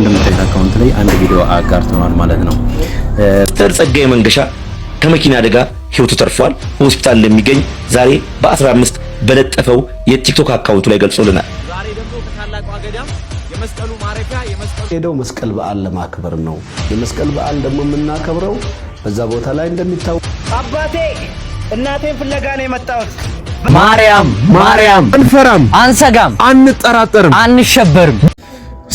እንደምታዩት አካውንት ላይ አንድ ቪዲዮ አጋርተናል ማለት ነው። ዶክተር ጸጋዬ መንገሻ ከመኪና አደጋ ህይወቱ ተርፏል። ሆስፒታል ለሚገኝ ዛሬ በ15 በለጠፈው የቲክቶክ አካውንቱ ላይ ገልጾልናል። ዛሬ ደግሞ ከታላቁ አገዳም የመስቀሉ ማረፊያ የመስቀሉ ሄደው መስቀል በዓል ለማክበር ነው። የመስቀል በዓል ደግሞ የምናከብረው በዛ ቦታ ላይ እንደሚታወቅ አባቴ እናቴን ፍለጋ ነው የመጣሁት። ማርያም ማርያም፣ አንፈራም፣ አንሰጋም፣ አንጠራጠርም፣ አንሸበርም።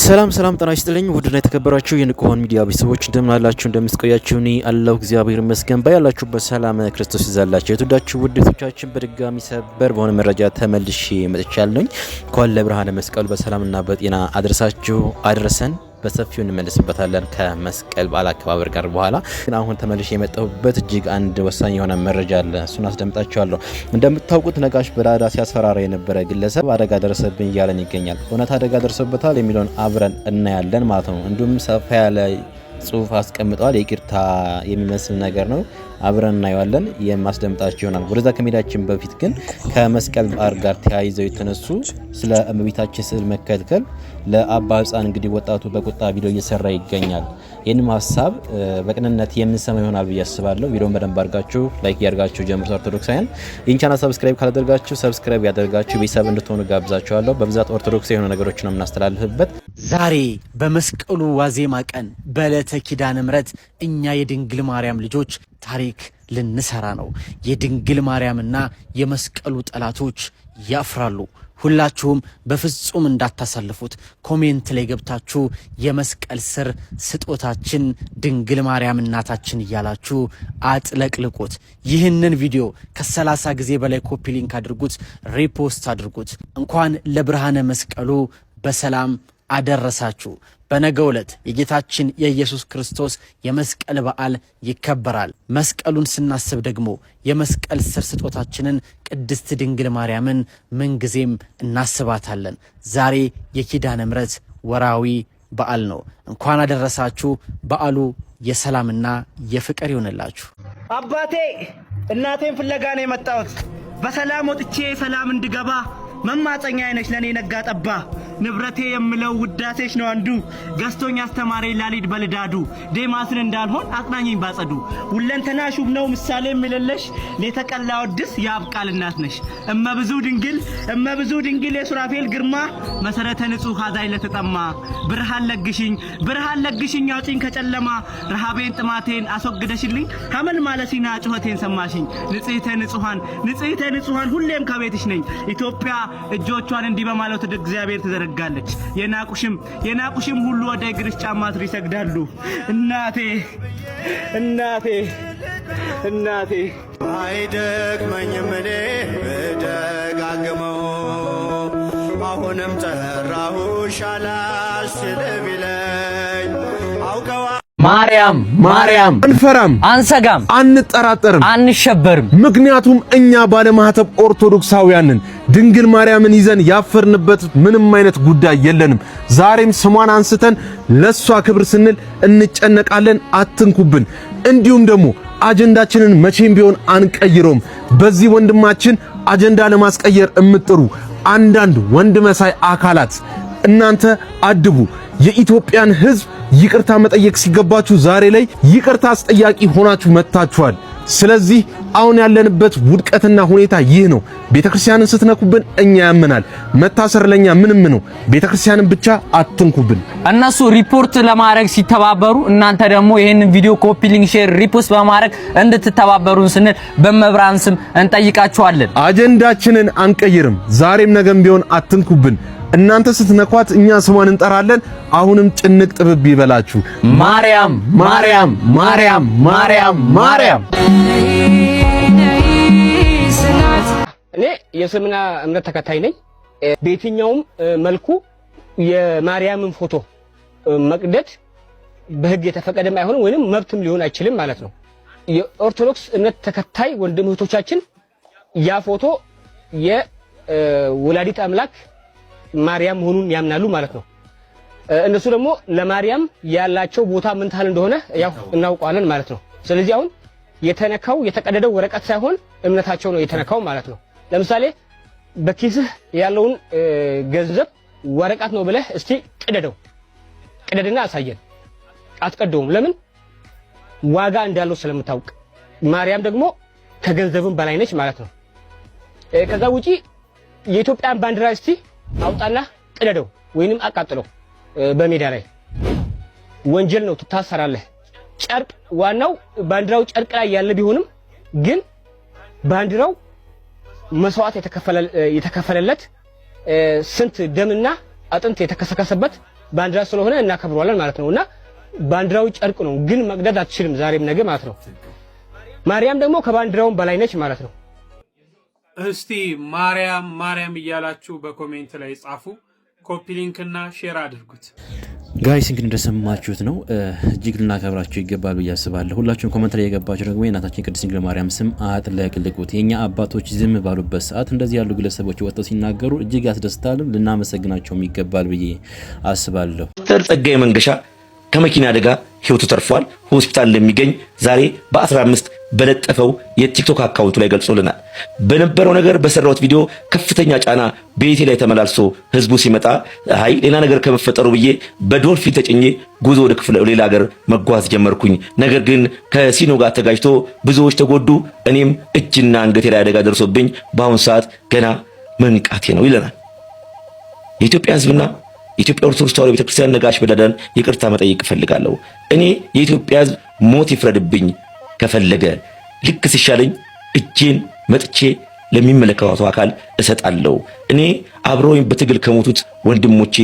ሰላም ሰላም ጤና ይስጥልኝ ውድና የተከበራችሁ የንቁሆን ሚዲያ ቤተሰቦች እንደምን አላችሁ? እንደምስቆያችሁ እኔ አለሁ እግዚአብሔር ይመስገን። ባያላችሁበት ሰላም ክርስቶስ ይዛላችሁ። የተወዳችሁ ውድቶቻችን በድጋሚ ሰበር በሆነ መረጃ ተመልሼ መጥቻለሁኝ። እንኳን ለብርሃነ መስቀሉ በሰላምና በጤና አድረሳችሁ አድረሰን። በሰፊው እንመልስበታለን ከመስቀል በዓል አከባበር ጋር በኋላ። ግን አሁን ተመልሼ የመጣሁበት እጅግ አንድ ወሳኝ የሆነ መረጃ አለ። እሱን አስደምጣችኋለሁ። እንደምታውቁት ነጋሽ በዳዳ ሲያስፈራራ የነበረ ግለሰብ አደጋ ደረሰብኝ እያለን ይገኛል። እውነት አደጋ ደርሰበታል የሚለውን አብረን እናያለን ማለት ነው። እንዲሁም ሰፋ ያለ ጽሁፍ አስቀምጠዋል። የቂርታ የሚመስል ነገር ነው። አብረን እናየዋለን። የማስደምጣቸው ይሆናል። ወደዛ ከሜዳችን በፊት ግን ከመስቀል በዓል ጋር ተያይዘው የተነሱ ስለ እመቤታችን ስዕል መከልከል ለአባ ሕፃን እንግዲህ ወጣቱ በቁጣ ቪዲዮ እየሰራ ይገኛል። ይህንም ሀሳብ በቅንነት የምንሰማ ይሆናል ብዬ አስባለሁ። ቪዲዮን በደንብ አድርጋችሁ ላይክ እያደርጋችሁ ጀምሩት። ኦርቶዶክሳውያን ይህን ቻናል ሰብስክራይብ ካላደርጋችሁ ሰብስክራይብ ያደርጋችሁ ቤተሰብ እንድትሆኑ ጋብዛችኋለሁ። በብዛት ኦርቶዶክስ የሆነ ነገሮች ነው የምናስተላልፍበት። ዛሬ በመስቀሉ ዋዜማ ቀን በዕለተ ኪዳነ ምሕረት እኛ የድንግል ማርያም ልጆች ታሪክ ልንሰራ ነው። የድንግል ማርያምና የመስቀሉ ጠላቶች ያፍራሉ። ሁላችሁም በፍጹም እንዳታሳልፉት። ኮሜንት ላይ ገብታችሁ የመስቀል ስር ስጦታችን ድንግል ማርያም እናታችን እያላችሁ አጥለቅልቁት። ይህንን ቪዲዮ ከሰላሳ ጊዜ በላይ ኮፒ ሊንክ አድርጉት፣ ሪፖስት አድርጉት። እንኳን ለብርሃነ መስቀሉ በሰላም አደረሳችሁ። በነገ ዕለት የጌታችን የኢየሱስ ክርስቶስ የመስቀል በዓል ይከበራል። መስቀሉን ስናስብ ደግሞ የመስቀል ስር ስጦታችንን ቅድስት ድንግል ማርያምን ምንጊዜም እናስባታለን። ዛሬ የኪዳነ ምሕረት ወራዊ በዓል ነው። እንኳን አደረሳችሁ። በዓሉ የሰላምና የፍቅር ይሆንላችሁ። አባቴ እናቴን ፍለጋ ነው የመጣሁት። በሰላም ወጥቼ ሰላም እንድገባ መማፀኛ አይነች ለእኔ ነጋ ጠባ ንብረቴ የምለው ውዳሴች ነው አንዱ ገዝቶኝ አስተማሪ ላሊድ በልዳዱ ዴማስን እንዳልሆን አጽናኝኝ ባጸዱ ሁለንተና ሹም ነው ምሳሌ የሚልለሽ ሌተቀላው ድስ የአብቃል እናት ነሽ እመብዙ ድንግል እመብዙ ድንግል የሱራፌል ግርማ መሰረተ ንጹህ አዛይ ለተጠማ ብርሃን ለግሽኝ ብርሃን ለግሽኝ አውጪኝ ከጨለማ ረሃቤን ጥማቴን አስወግደሽልኝ ሀመል ማለሲና ጩኸቴን ሰማሽኝ ንጽህተ ንጹሐን ንጽህተ ንጹሐን ሁሌም ከቤትሽ ነኝ ኢትዮጵያ እጆቿን እንዲህ በማለት ወደ እግዚአብሔር ትዘረጋለች። የናቁሽም የናቁሽም ሁሉ ወደ እግርሽ ጫማ ስር ይሰግዳሉ። እናቴ እናቴ እናቴ አይደክመኝም እኔ ብደጋግመው አሁንም ጠራሁሽ አላሽ ቢለኝ አውቀዋ ማርያም ማርያም አንፈራም፣ አንሰጋም፣ አንጠራጠርም፣ አንሸበርም። ምክንያቱም እኛ ባለማህተብ ኦርቶዶክሳውያንን ድንግል ማርያምን ይዘን ያፈርንበት ምንም አይነት ጉዳይ የለንም። ዛሬም ስሟን አንስተን ለሷ ክብር ስንል እንጨነቃለን። አትንኩብን። እንዲሁም ደግሞ አጀንዳችንን መቼም ቢሆን አንቀይረውም። በዚህ ወንድማችን አጀንዳ ለማስቀየር የምጥሩ አንዳንድ ወንድ መሳይ አካላት እናንተ አድቡ። የኢትዮጵያን ሕዝብ ይቅርታ መጠየቅ ሲገባችሁ ዛሬ ላይ ይቅርታ አስጠያቂ ሆናችሁ መጥታችኋል። ስለዚህ አሁን ያለንበት ውድቀትና ሁኔታ ይህ ነው። ቤተክርስቲያንን ስትነኩብን እኛ ያምናል መታሰር ለኛ ምንም ነው። ቤተክርስቲያንን ብቻ አትንኩብን። እነሱ ሪፖርት ለማድረግ ሲተባበሩ፣ እናንተ ደግሞ ይህንን ቪዲዮ ኮፒ ሊንክ፣ ሼር፣ ሪፖስት በማድረግ እንድትተባበሩን ስንል በመብራን ስም እንጠይቃችኋለን። አጀንዳችንን አንቀይርም። ዛሬም ነገም ቢሆን አትንኩብን። እናንተ ስትነኳት እኛ ስሟን እንጠራለን። አሁንም ጭንቅ ጥብብ ይበላችሁ። ማርያም ማርያም ማርያም ማርያም ማርያም። እኔ የእስልምና እምነት ተከታይ ነኝ። በየትኛውም መልኩ የማርያምን ፎቶ መቅደድ በህግ የተፈቀደም አይሆንም ወይንም መብትም ሊሆን አይችልም ማለት ነው። የኦርቶዶክስ እምነት ተከታይ ወንድም እህቶቻችን ያ ፎቶ የወላዲት አምላክ ማርያም መሆኑን ያምናሉ ማለት ነው። እነሱ ደግሞ ለማርያም ያላቸው ቦታ ምን ታህል እንደሆነ ያው እናውቀዋለን ማለት ነው። ስለዚህ አሁን የተነካው የተቀደደው ወረቀት ሳይሆን እምነታቸው ነው የተነካው ማለት ነው። ለምሳሌ በኪስህ ያለውን ገንዘብ ወረቀት ነው ብለህ እስቲ ቅደደው፣ ቅደድና አሳየን። አትቀደውም። ለምን? ዋጋ እንዳለው ስለምታውቅ። ማርያም ደግሞ ከገንዘብም በላይ ነች ማለት ነው። ከዛ ውጪ የኢትዮጵያን ባንዲራ እስቲ አውጣና ቅደደው ወይንም አቃጥለው በሜዳ ላይ ወንጀል ነው፣ ትታሰራለህ። ጨርቅ ዋናው ባንዲራው ጨርቅ ላይ ያለ ቢሆንም ግን ባንዲራው መስዋዕት የተከፈለለት ስንት ደምና አጥንት የተከሰከሰበት ባንዲራ ስለሆነ እናከብረዋለን ማለት ነው። እና ባንዲራው ጨርቅ ነው፣ ግን መቅደድ አትችልም ዛሬም ነገ ማለት ነው። ማርያም ደግሞ ከባንዲራውም በላይ ነች ማለት ነው። እስቲ ማርያም ማርያም እያላችሁ በኮሜንት ላይ ጻፉ። ኮፒ ሊንክ ሼር አድርጉት። ጋይስ እንግዲህ እንደሰማችሁት ነው። እጅግ ልናከብራችሁ ይገባል ብዬ አስባለሁ። ሁላችሁም ኮመንት ላይ የገባችሁ ደግሞ የእናታችን ቅድስት ድንግል ማርያም ስም አጥለቅልቁት። የእኛ አባቶች ዝም ባሉበት ሰዓት እንደዚህ ያሉ ግለሰቦች ወጥተው ሲናገሩ እጅግ ያስደስታልም፣ ልናመሰግናቸውም ይገባል ብዬ አስባለሁ። ጸጋዬ መንገሻ ከመኪና አደጋ ህይወቱ ተርፏል። ሆስፒታል እንደሚገኝ ዛሬ በ15 በለጠፈው የቲክቶክ አካውንቱ ላይ ገልጾልናል። በነበረው ነገር በሰራሁት ቪዲዮ ከፍተኛ ጫና ቤቴ ላይ ተመላልሶ ህዝቡ ሲመጣ አይ ሌላ ነገር ከመፈጠሩ ብዬ በዶልፊን ተጭኜ ጉዞ ወደ ክፍለ ሌላ ሀገር መጓዝ ጀመርኩኝ። ነገር ግን ከሲኖ ጋር ተጋጅቶ ብዙዎች ተጎዱ። እኔም እጅና አንገቴ ላይ አደጋ ደርሶብኝ በአሁኑ ሰዓት ገና መንቃቴ ነው ይለናል የኢትዮጵያ ህዝብና የኢትዮጵያ ኦርቶዶክስ ተዋሕዶ ቤተክርስቲያን ነጋሽ በዳዳን ይቅርታ መጠየቅ እፈልጋለሁ። እኔ የኢትዮጵያ ሕዝብ ሞት ይፍረድብኝ ከፈለገ ልክ ሲሻለኝ እጄን መጥቼ ለሚመለከተው አካል እሰጣለሁ። እኔ አብረውኝ በትግል ከሞቱት ወንድሞቼ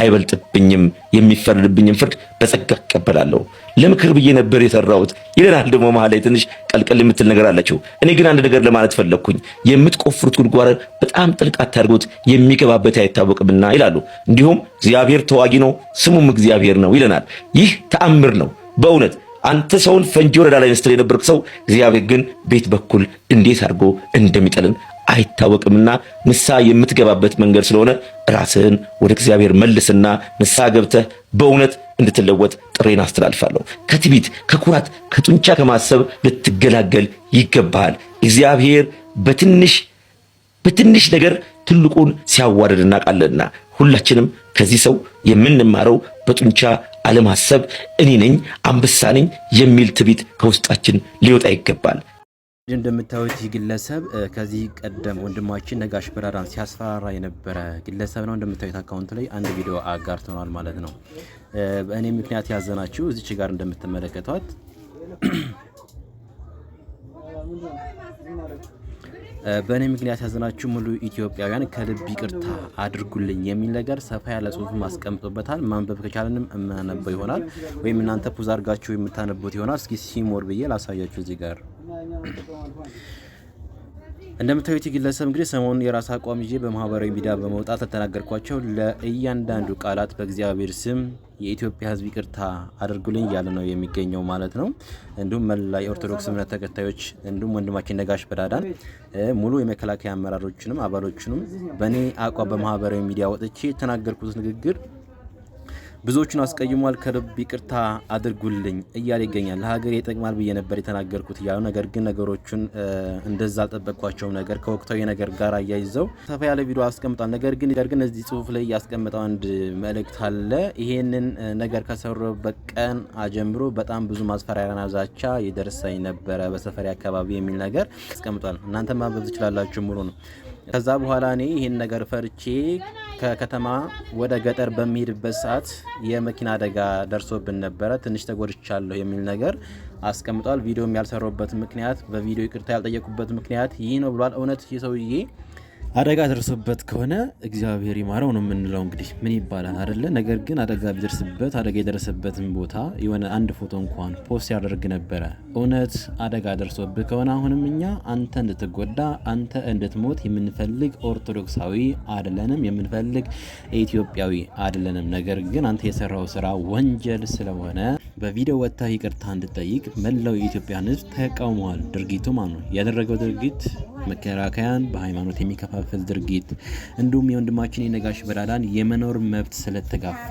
አይበልጥብኝም፣ የሚፈረድብኝም ፍርድ በጸጋ እቀበላለሁ። ለምክር ብዬ ነበር የሰራሁት ይለናል። ደግሞ መሀል ላይ ትንሽ ቀልቀል የምትል ነገር አላቸው እኔ ግን አንድ ነገር ለማለት ፈለግኩኝ። የምትቆፍሩት ጉድጓር በጣም ጥልቅ አታድርጉት፣ የሚገባበት አይታወቅምና ይላሉ። እንዲሁም እግዚአብሔር ተዋጊ ነው፣ ስሙም እግዚአብሔር ነው ይለናል። ይህ ተአምር ነው በእውነት አንተ ሰውን ፈንጂ ወረዳ ላይ ስትል የነበርክ ሰው እግዚአብሔር ግን ቤት በኩል እንዴት አድርጎ እንደሚጠልን አይታወቅምና ንስሐ የምትገባበት መንገድ ስለሆነ ራስህን ወደ እግዚአብሔር መልስና ንስሐ ገብተህ በእውነት እንድትለወጥ ጥሬን አስተላልፋለሁ። ከትቢት፣ ከኩራት፣ ከጡንቻ ከማሰብ ልትገላገል ይገባሃል። እግዚአብሔር በትንሽ በትንሽ ነገር ትልቁን ሲያዋርድ እናውቃለንና ሁላችንም ከዚህ ሰው የምንማረው በጡንቻ አለማሰብ፣ እኔ ነኝ አንበሳ ነኝ የሚል ትቢት ከውስጣችን ሊወጣ ይገባል። እንደምታዩት ይህ ግለሰብ ከዚህ ቀደም ወንድማችን ነጋሽ በራራን ሲያስፈራራ የነበረ ግለሰብ ነው። እንደምታዩት አካውንት ላይ አንድ ቪዲዮ አጋርተናል ማለት ነው። በእኔ ምክንያት ያዘናችሁ እዚች ጋር እንደምትመለከቷት በእኔ ምክንያት ያዘናችሁ ሙሉ ኢትዮጵያውያን ከልብ ይቅርታ አድርጉልኝ የሚል ነገር ሰፋ ያለ ጽሁፍ ማስቀምጦበታል። ማንበብ ከቻለንም የምናነበው ይሆናል፣ ወይም እናንተ ፑዝ አድርጋችሁ የምታነቡት ይሆናል። እስኪ ሲሞር ብዬ ላሳያችሁ እዚህ ጋር እንደምታዩት ግለሰብ እንግዲህ ሰሞኑን የራስ አቋም ይዤ በማህበራዊ ሚዲያ በመውጣት ተተናገርኳቸው ለእያንዳንዱ ቃላት በእግዚአብሔር ስም የኢትዮጵያ ሕዝብ ይቅርታ አድርጉልኝ እያለ ነው የሚገኘው ማለት ነው። እንዲሁም መላ የኦርቶዶክስ እምነት ተከታዮች እንዲሁም ወንድማችን ነጋሽ በዳዳን ሙሉ የመከላከያ አመራሮችንም አባሎችንም በእኔ አቋም በማህበራዊ ሚዲያ ወጥቼ የተናገርኩት ንግግር ብዙዎቹን አስቀይሟል። ከልብ ይቅርታ አድርጉልኝ እያለ ይገኛል። ለሀገር ይጠቅማል ብዬ ነበር የተናገርኩት እያሉ ነገር ግን ነገሮቹን እንደዛ አልጠበቅኳቸውም። ነገር ከወቅታዊ ነገር ጋር አያይዘው ሰፋ ያለ ቪዲዮ አስቀምጧል። ነገር ግን ነገር ግን እዚህ ጽሁፍ ላይ ያስቀምጠው አንድ መልእክት አለ። ይሄንን ነገር ከሰሩበት ቀን አጀምሮ በጣም ብዙ ማስፈራሪያና ዛቻ ይደርሰኝ ነበረ በሰፈሪ አካባቢ የሚል ነገር አስቀምጧል። እናንተ ማንበብ ትችላላችሁ ሙሉ ነው። ከዛ በኋላ እኔ ይህን ነገር ፈርቼ ከከተማ ወደ ገጠር በሚሄድበት ሰዓት የመኪና አደጋ ደርሶብን ነበረ፣ ትንሽ ተጎድቻለሁ የሚል ነገር አስቀምጧል። ቪዲዮም ያልሰራበት ምክንያት፣ በቪዲዮ ይቅርታ ያልጠየቁበት ምክንያት ይህ ነው ብሏል። እውነት ሰውዬ አደጋ ደርሶበት ከሆነ እግዚአብሔር ይማረው ነው የምንለው። እንግዲህ ምን ይባላል አደለ? ነገር ግን አደጋ ቢደርስበት አደጋ የደረሰበትን ቦታ የሆነ አንድ ፎቶ እንኳን ፖስት ያደርግ ነበረ። እውነት አደጋ ደርሶብህ ከሆነ አሁንም እኛ አንተ እንድትጎዳ አንተ እንድትሞት የምንፈልግ ኦርቶዶክሳዊ አደለንም፣ የምንፈልግ ኢትዮጵያዊ አደለንም። ነገር ግን አንተ የሰራው ስራ ወንጀል ስለሆነ በቪዲዮ ወጥታ ይቅርታ እንድጠይቅ መላው የኢትዮጵያን ሕዝብ ተቃውመዋል። ድርጊቱ ማ ነው ያደረገው ድርጊት መከላከያን በሃይማኖት የሚከፋፈል ድርጊት እንዲሁም የወንድማችን የነጋሽ በዳዳን የመኖር መብት ስለተጋፋ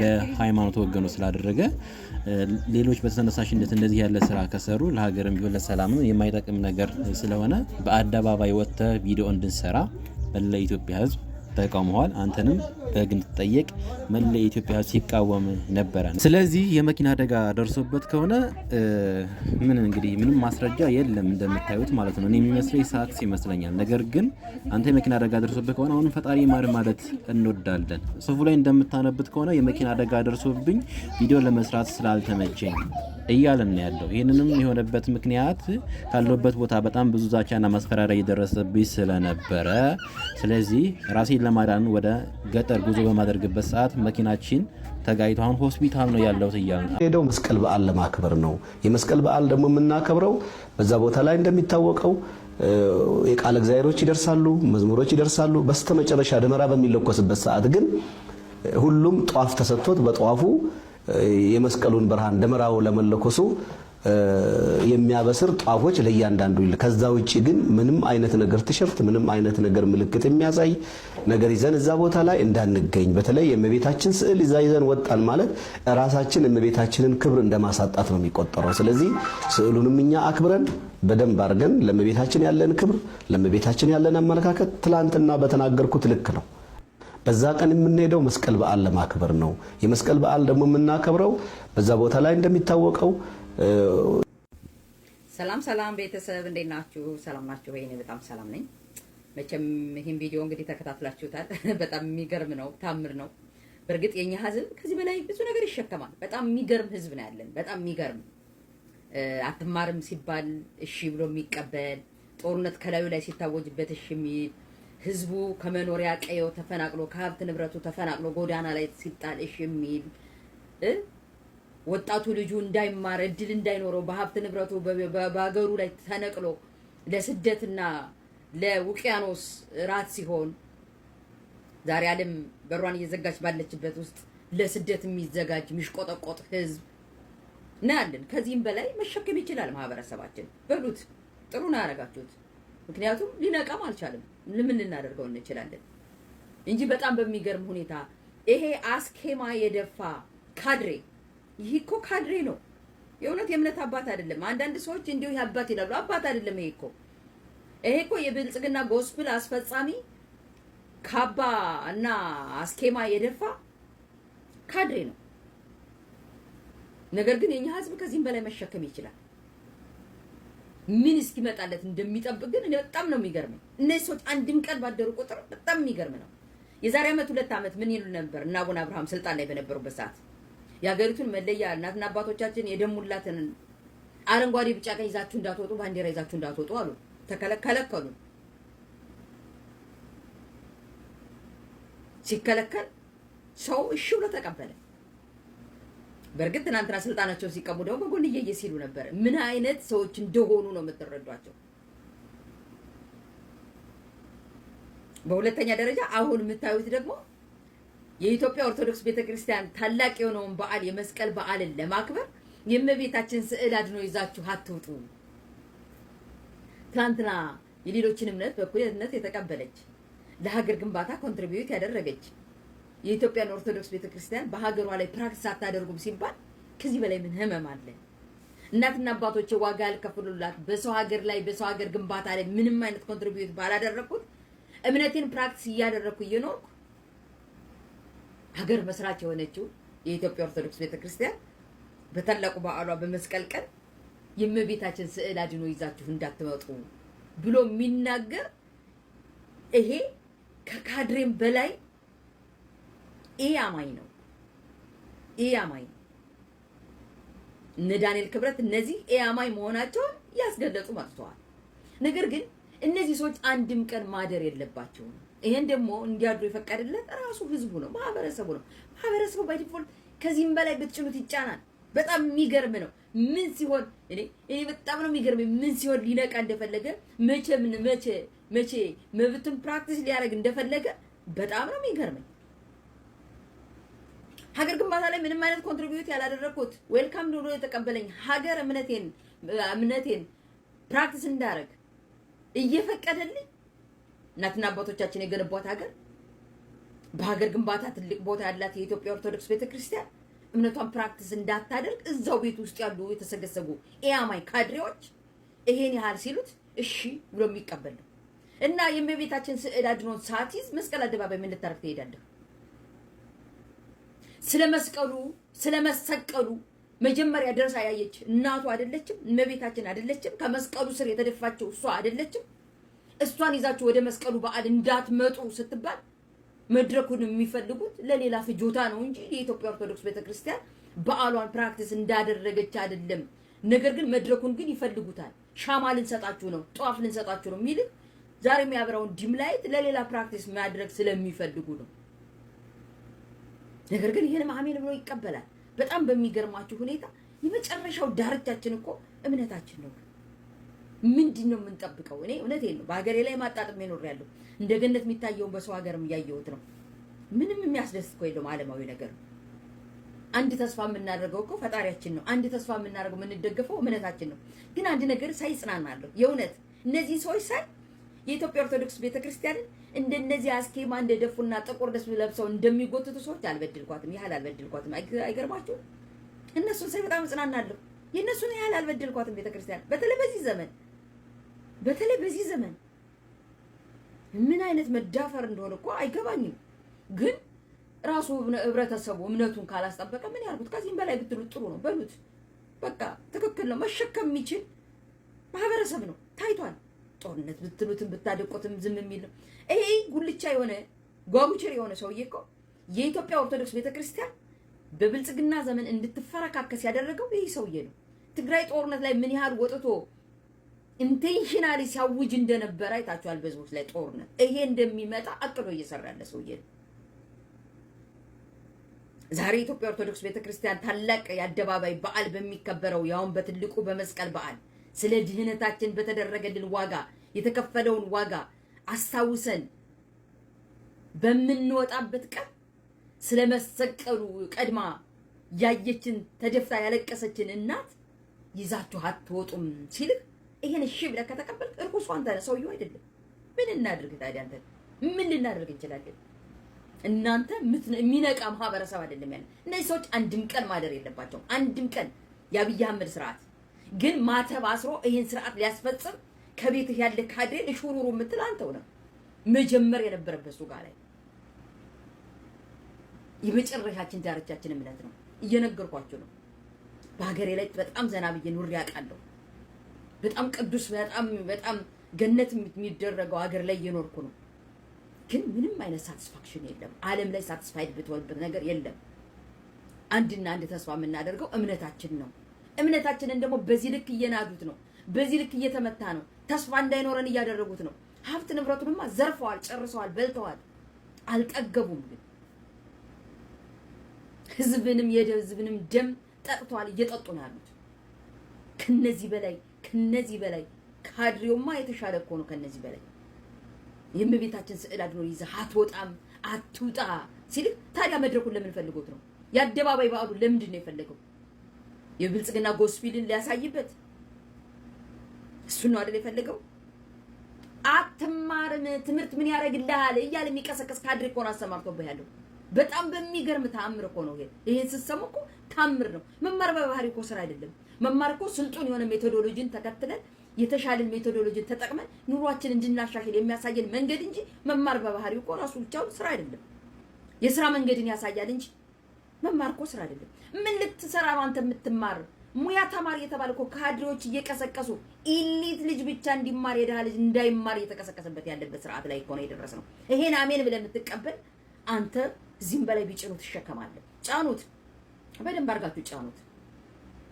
ለሃይማኖት ወገኖ ስላደረገ ሌሎች በተነሳሽነት እንደዚህ ያለ ስራ ከሰሩ ለሀገርም ቢሆን ለሰላም የማይጠቅም ነገር ስለሆነ በአደባባይ ወጥተ ቪዲዮ እንድንሰራ በላ የኢትዮጵያ ህዝብ ጥበቃው አንተንም በህግ እንድትጠየቅ መላ ኢትዮጵያ ሲቃወም ነበረ። ስለዚህ የመኪና አደጋ ደርሶበት ከሆነ ምን እንግዲህ ምንም ማስረጃ የለም እንደምታዩት ማለት ነው። እኔ የሚመስለኝ ሳክስ ይመስለኛል። ነገር ግን አንተ የመኪና አደጋ ደርሶበት ከሆነ አሁንም ፈጣሪ ማር ማለት እንወዳለን። ጽሁፉ ላይ እንደምታነብት ከሆነ የመኪና አደጋ ደርሶብኝ ቪዲዮ ለመስራት ስላልተመቸኝ እያለን ያለው። ይህንንም የሆነበት ምክንያት ካለበት ቦታ በጣም ብዙ ዛቻና ማስፈራሪያ እየደረሰብኝ ስለነበረ፣ ስለዚህ ራሴን ለማዳን ወደ ገጠር ጉዞ በማደርግበት ሰዓት መኪናችን ተጋይቶ አሁን ሆስፒታል ነው ያለሁት እያልን ሄደው መስቀል በዓል ለማክበር ነው። የመስቀል በዓል ደግሞ የምናከብረው በዛ ቦታ ላይ እንደሚታወቀው የቃለ እግዚአብሔሮች ይደርሳሉ፣ መዝሙሮች ይደርሳሉ። በስተመጨረሻ ደመራ በሚለኮስበት ሰዓት ግን ሁሉም ጧፍ ተሰጥቶት በጧፉ የመስቀሉን ብርሃን ደመራው ለመለኮሱ የሚያበስር ጧፎች ለእያንዳንዱ ይል። ከዛ ውጭ ግን ምንም አይነት ነገር ቲሸርት፣ ምንም አይነት ነገር ምልክት የሚያሳይ ነገር ይዘን እዛ ቦታ ላይ እንዳንገኝ። በተለይ የእመቤታችን ስዕል ይዛ ይዘን ወጣን ማለት ራሳችን የእመቤታችንን ክብር እንደማሳጣት ነው የሚቆጠረው። ስለዚህ ስዕሉንም እኛ አክብረን በደንብ አድርገን ለእመቤታችን ያለን ክብር፣ ለእመቤታችን ያለን አመለካከት ትላንትና በተናገርኩት ልክ ነው። በዛ ቀን የምንሄደው መስቀል በዓል ለማክበር ነው። የመስቀል በዓል ደግሞ የምናከብረው በዛ ቦታ ላይ እንደሚታወቀው ሰላም ሰላም ቤተሰብ እንዴት ናችሁ? ሰላም ናችሁ ወይ? እኔ በጣም ሰላም ነኝ። መቼም ይህን ቪዲዮ እንግዲህ ተከታትላችሁታል። በጣም የሚገርም ነው፣ ታምር ነው። በእርግጥ የኛ ህዝብ ከዚህ በላይ ብዙ ነገር ይሸከማል። በጣም የሚገርም ህዝብ ነው ያለን። በጣም የሚገርም አትማርም ሲባል እሺ ብሎ የሚቀበል ጦርነት ከላዩ ላይ ሲታወጅበት እሺ የሚል ህዝቡ ከመኖሪያ ቀየው ተፈናቅሎ ከሀብት ንብረቱ ተፈናቅሎ ጎዳና ላይ ሲጣልሽ የሚል ወጣቱ ልጁ እንዳይማር እድል እንዳይኖረው በሀብት ንብረቱ በሀገሩ ላይ ተነቅሎ ለስደትና ለውቅያኖስ ራት ሲሆን ዛሬ ዓለም በሯን እየዘጋች ባለችበት ውስጥ ለስደት የሚዘጋጅ የሚሽቆጠቆጥ ህዝብ ነው ከዚህም በላይ መሸከም ይችላል ማህበረሰባችን። በሉት ጥሩ ነው ያደረጋችሁት። ምክንያቱም ሊነቃም አልቻለም። ምን ልናደርገው እንችላለን እንጂ በጣም በሚገርም ሁኔታ ይሄ አስኬማ የደፋ ካድሬ ይሄ እኮ ካድሬ ነው። የእውነት የእምነት አባት አይደለም። አንዳንድ ሰዎች እንዲሁ አባት ይላሉ። አባት አይደለም። ይሄ እኮ ይሄ እኮ የብልጽግና ጎስፕል አስፈጻሚ ካባ እና አስኬማ የደፋ ካድሬ ነው። ነገር ግን የኛ ህዝብ ከዚህም በላይ መሸከም ይችላል። ምን እስኪመጣለት እንደሚጠብቅ ግን እኔ በጣም ነው የሚገርመኝ። እነዚህ ሰዎች አንድም ቀን ባደሩ ቁጥር በጣም የሚገርም ነው። የዛሬ ዓመት ሁለት ዓመት ምን ይሉ ነበር እና አቡነ አብርሃም ስልጣን ላይ በነበሩበት ሰዓት የሀገሪቱን መለያ እናትና አባቶቻችን የደሙላትን አረንጓዴ ቢጫ ቀይ ይዛችሁ እንዳትወጡ፣ ባንዲራ ይዛችሁ እንዳትወጡ አሉ፣ ተከለከሉ። ሲከለከል ሰው እሺ ብሎ ተቀበለ። በእርግጥ ትናንትና ስልጣናቸውን ሲቀሙ ደግሞ እየየ ሲሉ ነበር። ምን አይነት ሰዎች እንደሆኑ ነው የምትረዷቸው። በሁለተኛ ደረጃ አሁን የምታዩት ደግሞ የኢትዮጵያ ኦርቶዶክስ ቤተክርስቲያን ታላቅ የሆነውን በዓል የመስቀል በዓልን ለማክበር የእመቤታችን ስዕል አድኖ ይዛችሁ አትውጡ። ትናንትና የሌሎችን እምነት በእኩልነት የተቀበለች ለሀገር ግንባታ ኮንትሪቢዩት ያደረገች የኢትዮጵያን ኦርቶዶክስ ቤተክርስቲያን በሀገሯ ላይ ፕራክቲስ አታደርጉም ሲባል ከዚህ በላይ ምን ህመም አለ? እናትና አባቶች ዋጋ ያልከፍሉላት በሰው ሀገር ላይ በሰው ሀገር ግንባታ ላይ ምንም አይነት ኮንትሪቢዩት ባላደረግኩት እምነቴን ፕራክቲስ እያደረግኩ እየኖርኩ ሀገር መስራች የሆነችው የኢትዮጵያ ኦርቶዶክስ ቤተክርስቲያን በታላቁ በዓሏ በመስቀል ቀን የእመቤታችን ስዕል አድኖ ይዛችሁ እንዳትመጡ ብሎ የሚናገር ይሄ ከካድሬም በላይ ኤ አማኝ ነው። ኤ አማኝ እነ ዳንኤል ክብረት እነዚህ ኤ አማኝ መሆናቸውን ያስገለጹ መጥተዋል። ነገር ግን እነዚህ ሰዎች አንድም ቀን ማደር የለባቸውም። ይሄን ደግሞ እንዲያድሩ የፈቀደለት ራሱ ህዝቡ ነው፣ ማህበረሰቡ ነው። ማህበረሰቡ በዲፎልት ከዚህም በላይ ብትጭኑት ይጫናል። በጣም የሚገርም ነው። ምን ሲሆን እኔ እኔ በጣም ነው የሚገርም ምን ሲሆን ሊነቃ እንደፈለገ መቼ ምን መቼ መቼ መብትን ፕራክቲስ ሊያደርግ እንደፈለገ በጣም ነው የሚገርመኝ። ሀገር ግንባታ ላይ ምንም አይነት ኮንትሪቢዩት ያላደረኩት ዌልካም ብሎ የተቀበለኝ ሀገር እምነቴን እምነቴን ፕራክቲስ እንዳደረግ እየፈቀደልኝ እናትና አባቶቻችን የገነቧት ሀገር በሀገር ግንባታ ትልቅ ቦታ ያላት የኢትዮጵያ ኦርቶዶክስ ቤተክርስቲያን እምነቷን ፕራክቲስ እንዳታደርግ እዛው ቤት ውስጥ ያሉ የተሰገሰጉ ኤያማይ ካድሬዎች ይሄን ያህል ሲሉት እሺ ብሎ የሚቀበል ነው እና የእመቤታችን ስዕል አድኖን ሳቲዝ መስቀል አደባባይ ምን ልታደርግ ትሄዳለህ? ስለ መስቀሉ ስለ መሰቀሉ መጀመሪያ ደርሳ ያየች እናቱ አይደለችም? እመቤታችን አይደለችም? ከመስቀሉ ስር የተደፋችው እሷ አይደለችም? እሷን ይዛችሁ ወደ መስቀሉ በዓል እንዳትመጡ ስትባል መድረኩን የሚፈልጉት ለሌላ ፍጆታ ነው እንጂ የኢትዮጵያ ኦርቶዶክስ ቤተክርስቲያን በዓሏን ፕራክቲስ እንዳደረገች አይደለም። ነገር ግን መድረኩን ግን ይፈልጉታል። ሻማ ልንሰጣችሁ ነው፣ ጧፍ ልንሰጣችሁ ነው የሚልህ ዛሬ የሚያበራውን ዲም ላይት ለሌላ ፕራክቲስ ማድረግ ስለሚፈልጉ ነው። ነገር ግን ይህንም አሜን ብሎ ይቀበላል። በጣም በሚገርማችሁ ሁኔታ የመጨረሻው ዳርቻችን እኮ እምነታችን ነው። ምንድን ነው የምንጠብቀው? እኔ እውነቴን ነው በሀገሬ ላይ ማጣጥም ያለው እንደ ገነት የሚታየውን በሰው ሀገርም እያየሁት ነው። ምንም የሚያስደስት እኮ የለውም አለማዊ ነገር። አንድ ተስፋ የምናደርገው እኮ ፈጣሪያችን ነው። አንድ ተስፋ የምናደርገው የምንደገፈው እምነታችን ነው። ግን አንድ ነገር ሳይ ጽናናለሁ የእውነት እነዚህ ሰዎች ሳይ የኢትዮጵያ ኦርቶዶክስ ቤተክርስቲያንን እንደነዚህ አስኬማ እንደደፉና ጥቁር ደስ ለብሰው እንደሚጎትቱ ሰዎች አልበድልኳትም፣ ያህል አልበድልኳትም። አይገርማችሁም? እነሱን ሳይ በጣም እጽናናለሁ። የእነሱን ያህል አልበድልኳትም ቤተክርስቲያን። በተለይ በዚህ ዘመን በተለይ በዚህ ዘመን ምን አይነት መዳፈር እንደሆነ እኮ አይገባኝም። ግን ራሱ ህብረተሰቡ እምነቱን ካላስጠበቀ ምን ያልኩት ከዚህም በላይ ብትሉት ጥሩ ነው በሉት። በቃ ትክክል ነው። መሸከም የሚችል ማህበረሰብ ነው ታይቷል። ጦርነት ብትሉትም ብታደቁትም ዝም የሚል ነው። ይሄ ጉልቻ የሆነ ጓጉቸር የሆነ ሰውዬ እኮ የኢትዮጵያ ኦርቶዶክስ ቤተክርስቲያን በብልጽግና ዘመን እንድትፈረካከስ ያደረገው ይህ ሰውዬ ነው። ትግራይ ጦርነት ላይ ምን ያህል ወጥቶ ኢንቴንሽናሊ ሲያውጅ እንደነበረ አይታችኋል። በህዝቦች ላይ ጦርነት ይሄ እንደሚመጣ አቅዶ እየሰራ ያለ ሰውዬ ነው። ዛሬ የኢትዮጵያ ኦርቶዶክስ ቤተክርስቲያን ታላቅ የአደባባይ በዓል በሚከበረው ያውም በትልቁ በመስቀል በዓል ስለ ድህነታችን በተደረገልን ዋጋ የተከፈለውን ዋጋ አስታውሰን በምንወጣበት ቀን ስለ መሰቀሉ ቀድማ ያየችን ተደፍታ ያለቀሰችን እናት ይዛችሁ አትወጡም ሲልህ ይሄን እሺ ብለህ ከተቀበል እርኩሱ አንተ ነህ፣ ሰውየው አይደለም። ምን እናድርግ ታዲያ? አንተ ምን ልናደርግ እንችላለን? እናንተ የሚነቃ ማህበረሰብ አይደለም ያለ። እነዚህ ሰዎች አንድም ቀን ማደር የለባቸውም። አንድም ቀን የአብይ አህመድ ስርዓት ግን ማተብ አስሮ ይህን ስርዓት ሊያስፈጽም ከቤትህ ያለ ካድሬ እሹሩሩ የምትል አንተው ነው መጀመር የነበረበት እሱ ጋር ላይ የመጨረሻችን ዳርቻችን እምነት ነው። እየነገርኳችሁ ነው። በሀገሬ ላይ በጣም ዘና ብዬ ኑሬ አውቃለሁ። በጣም ቅዱስ በጣም በጣም ገነት የሚደረገው ሀገር ላይ እየኖርኩ ነው። ግን ምንም አይነት ሳቲስፋክሽን የለም። ዓለም ላይ ሳቲስፋይድ ብትሆንበት ነገር የለም። አንድና አንድ ተስፋ የምናደርገው እምነታችን ነው። እምነታችንን ደግሞ በዚህ ልክ እየናዱት ነው። በዚህ ልክ እየተመታ ነው። ተስፋ እንዳይኖረን እያደረጉት ነው። ሀብት ንብረቱንማ ዘርፈዋል፣ ጨርሰዋል፣ በልተዋል። አልጠገቡም ግን ህዝብንም የህዝብንም ደም ጠጥቷል፣ እየጠጡ ነው ያሉት። ከነዚህ በላይ ከነዚህ በላይ ካድሬውማ የተሻለ እኮ ነው። ከነዚህ በላይ የእመቤታችን ስዕል አድኖ ይዘህ አትወጣም አትውጣ ሲልህ ታዲያ መድረኩን ለምን ፈልጎት ነው? የአደባባይ በዓሉ ለምንድን ነው የፈለገው? የብልጽግና ጎስፒልን ሊያሳይበት እሱን ነው አይደል የፈለገው። አትማርም ትምህርት ምን ያደርግልሃል እያለ የሚቀሰቀስ ካድሬ እኮ ነው አሰማርቶበት ያለው። በጣም በሚገርም ታምር እኮ ነው ይሄን ስትሰሙ እኮ ታምር ነው። መማር በባህሪ እኮ ስራ አይደለም። መማር እኮ ስልጡን የሆነ ሜቶዶሎጂን ተከትለን የተሻለን ሜቶዶሎጂን ተጠቅመን ኑሯችን እንድናሻሽል የሚያሳየን መንገድ እንጂ መማር በባህሪ እኮ ራሱ ብቻውን ስራ አይደለም። የስራ መንገድን ያሳያል እንጂ መማር እኮ ስራ አይደለም። ምን ልትሰራ ነው አንተ የምትማር? ሙያ ተማር እየተባለ እኮ ካድሬዎች እየቀሰቀሱ ኢሊት ልጅ ብቻ እንዲማር የድሃ ልጅ እንዳይማር እየተቀሰቀሰበት ያለበት ስርዓት ላይ እኮ ነው የደረስነው። ይሄን አሜን ብለህ የምትቀበል አንተ እዚህም በላይ ቢጭኑ ትሸከማለህ። ጫኑት፣ በደንብ አድርጋችሁ ጫኑት።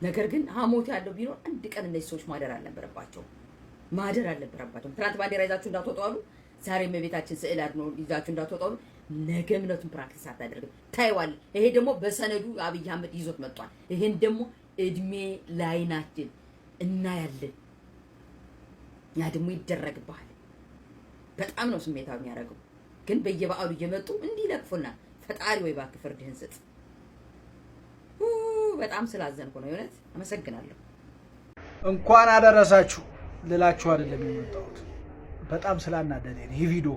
ነገር ግን ሀሞት ያለው ቢኖር አንድ ቀን እነዚህ ሰዎች ማደር አልነበረባቸው ማደር አልነበረባቸውም። ትናንት ባንዲራ ይዛችሁ እንዳትወጡ ዛሬ የቤታችን ስዕል አድኖ ይዛችሁ እንዳትወጡ ነገ እምነቱን ፕራክቲስ አታደርግም። ታይዋል። ይሄ ደግሞ በሰነዱ አብይ አህመድ ይዞት መጥቷል። ይሄን ደግሞ እድሜ ለዓይናችን እናያለን። ያ ደግሞ ይደረግብሃል። በጣም ነው ስሜታው የሚያደርገው። ግን በየበዓሉ እየመጡ እንዲህ ለቅፉናል። ፈጣሪ ወይ እባክህ ፍርድህን ስጥ። በጣም ስላዘንኩ ነው የእውነት አመሰግናለሁ። እንኳን አደረሳችሁ ልላችሁ አይደለም የመጣሁት በጣም ስላናደደኝ ይህ ቪዲዮ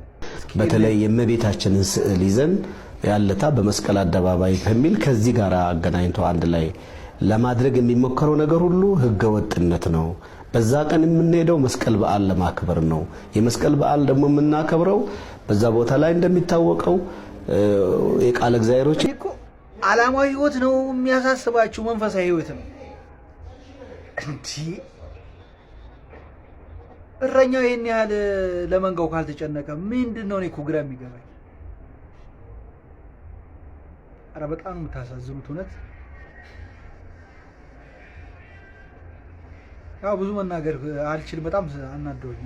በተለይ የእመቤታችንን ስዕል ይዘን ያለታ በመስቀል አደባባይ በሚል ከዚህ ጋር አገናኝቶ አንድ ላይ ለማድረግ የሚሞከረው ነገር ሁሉ ህገወጥነት ነው። በዛ ቀን የምንሄደው መስቀል በዓል ለማክበር ነው። የመስቀል በዓል ደግሞ የምናከብረው በዛ ቦታ ላይ እንደሚታወቀው የቃለ እግዚአብሔሮች አላማዊ ህይወት ነው የሚያሳስባችሁ፣ መንፈሳዊ ህይወት ነው እንዲህ እረኛው ይሄን ያህል ለመንጋው ካልተጨነቀ ምንድን ነው? እኔ እኮ ግራ የሚገባኝ። ኧረ በጣም የምታሳዝኑት እውነት። ያው ብዙ መናገር አልችልም፣ በጣም አናደውኝ።